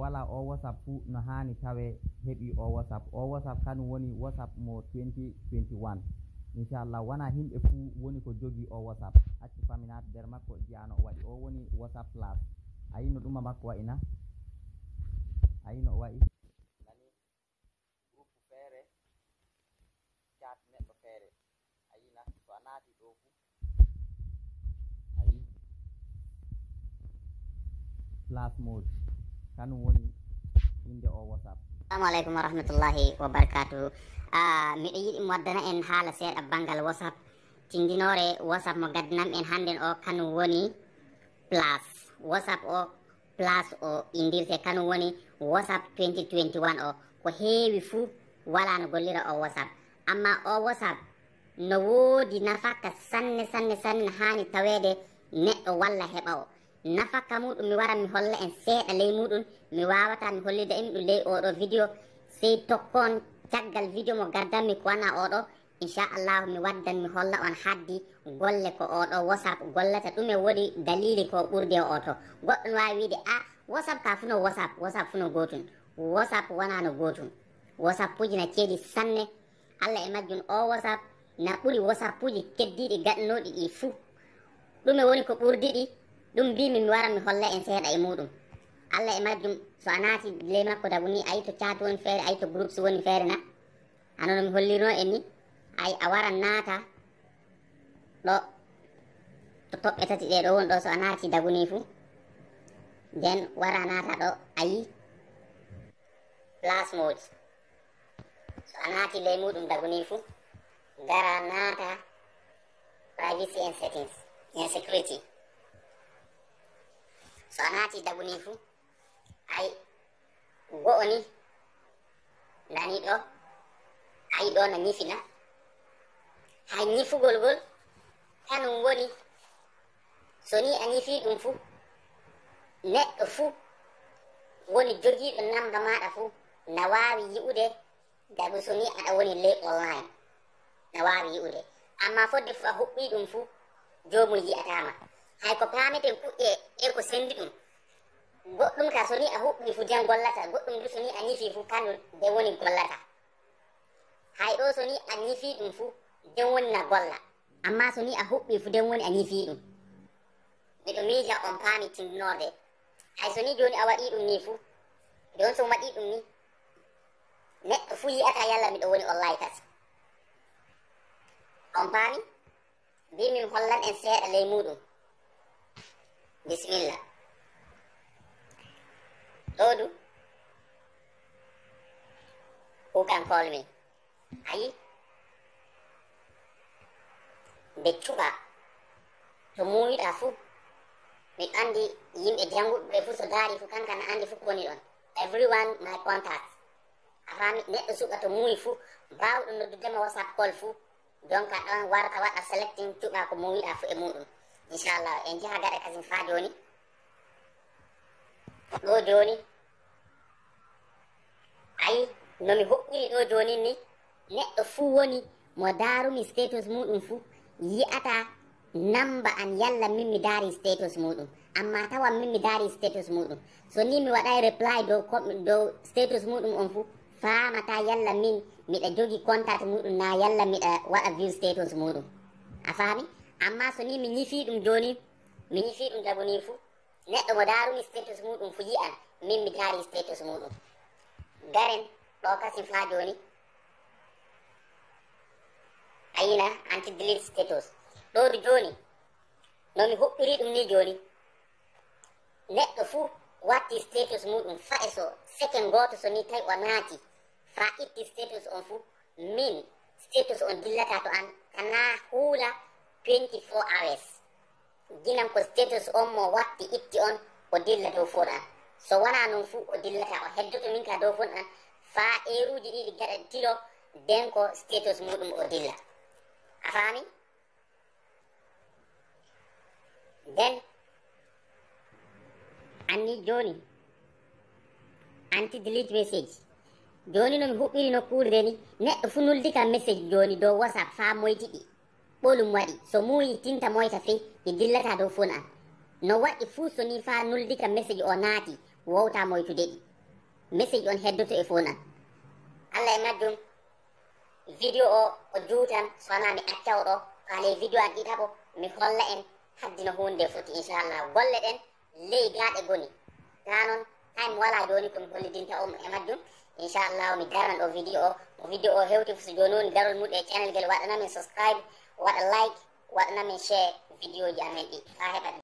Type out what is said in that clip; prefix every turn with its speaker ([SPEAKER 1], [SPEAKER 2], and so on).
[SPEAKER 1] wala o whatsapp fuu no haani tawe heɓi o whatsapp o whatsapp kanum woni whatsapp mo 2021 inchallah wona himɓe fu woni ko jogii o whatsapp acci faminat nder makko jiyano o waɗi o woni whatsapp plas a yino ɗuma makko wayi a yino o wayi nani groupe feere cat neɗɗo feere a yina so a naati ɗo fu ayi yi mode tan woni inde o whatsapp salamu aleykum wa rahmatullahi wa barakatu ah, miɗo yiɗi moddana en haala seeɗa banggal whatsapp tinndinoore whatsapp mo gaddinam en hannden o kan woni place whatsapp o place o indirte kan woni whatsapp 2021 o ko heewi fuu walaa no gollira o whatsapp amma o whatsapp no woodi nafaka sanne sanne sanne haani taweede neɗɗo walla heɓa o nafakka muɗum mi wara mi holla en seeɗa ley muɗum mi wawata mi hollida im ɗum ley oɗo vidéo sey tokkoon caggal vidéo mo gardanmi ko wana oɗo inchallahu mi waddan mi holla on haddi golle ko oɗo wasap gollata ɗume woɗi dalili ko ɓurdi e oto goɗɗon wawi wiide a wasap ka funo wasap wasap funo gotum wasap wonano gotum wasap puji na ceeɗi sanne allah e majjum o wasap na ɓuuri wasap puji keddiɗi gaɗanoɗi ɗi fuu ɗume woni ko ɓurdi ɗi ɗum mbimin mi wara mi holla en seeɗa e muɗum allah e majjum so a naati ley makko dagu ni ayi to cat woni feere ayi to groupes woni feere na anono mi hollirno en ni ay a waran naata ɗo to toɓɓe tati ɗe ɗo woni ɗo so a naati daguni fuu nden wara naata ɗo ayi place mode so a naati ley muɗum daguni fuu gara naata privacy and settings and security so a naati dabuni fuu ay go'o ni ndani ɗo ayi ɗo na ñifina hay ñifugol ngol tanum woni so ni a ñifi ɗum fuu neɗɗo fuu woni jogiiɗo namba maɗa fuu na waawi yi'ude dabu so ni aɗa woni ley online na waawi yi'ude amma fodde fuu a huɓɓi ɗum fuu joomum yi'ataama hayko pameten kuƴƴe e ko sendi ɗum goɗɗum ka soni a huɓɓi fu jan gollata goɗɗum du soni a ñifi fu kan de woni gollata hay ɗo soni a ñifi ɗum fu de wonina golla amma soni a huɓɓi fu de woni a ñifi ɗum miɗo mija on pami tindinorde hay soni joni a waɗi ɗum ni fu don so waɗi ɗum ni neɗɗo fu yi'ata yalla miɗo woni ollayi tas on pami mbimin hollan en seeɗa ley muɗum bisimilla ɗoɗu hukan kolmi ayi beccuɓa to muuyiɗa fu mi andi yimɓe janguɓe fu so daari fu kankana andi fu koni ɗon everyone my contact afami neɗɗo suɓa to muuyi fu mbawɗo noddudema whatsapp call fu donka ɗon warta waɗa selectin cuɓa ko muuyiɗa fu e muɗum inchallah en jaha gaɗa kasin fa joni ɗo joni ayi nomi hoɓɓiri ɗo jonin ni neɗɗo fuu woni mo darumi status muɗum fuu yi'ata namba an yalla min mi dari status muɗum amma tawan min mi dari status muɗum so ni mi waɗai reply dow dow status muɗum on fuu famata yalla min miɗa jogi contact muɗum na yalla miɗa waɗa view status muɗum a faami amma so ni mi ñifi ɗum joni mi ñifi ɗum jaboni fu neɗɗo mo daarumi status muɗum fu yi'an min mi daari status muɗum garen ɗo kasi fa joni ayina anti delit status ɗoru joni nomi huɓɓiri ɗum ni joni neɗɗo fu watti status muɗum fa e so second goto so ni tawi o naati fa itti status on fu min status on dillata to an kana huula 24 hours ginam ko status on mo watti itti on o dilla dow fon an so wona non fuu o dillata o heddoto min ka dow fon an faa eruji ɗiɗi gaɗa tiro den ko status muɗum o dilla a faami den anni joni anti delete message joni nomi huɓɓiri no kuurde ni neɗɗo fu noldika message joni dow whatsapp faa moytiɗi ɓolum waɗi so muuyi tinta moyta fe ɗi dillata dow fon an no waɗi fuu so ni faa noldika message o naati wowta moytude ɗi message on heddoto e fon an allah e majjum video o o juutan so wana mi acca o ɗo kaale video an ɗiɗa bo mi holla en haddino hunde foti inchallah golle ɗen ley gaaɗe goni ta noon han wala joni komi gollidinta o e majjum inchallahu mi daran ɗo vidéo o mo vidéo o hewti so jononi darol mum e channel guel waɗanamin subscribe waɗa like waɗanamin share vidéo ji amen ɗi ha heɓa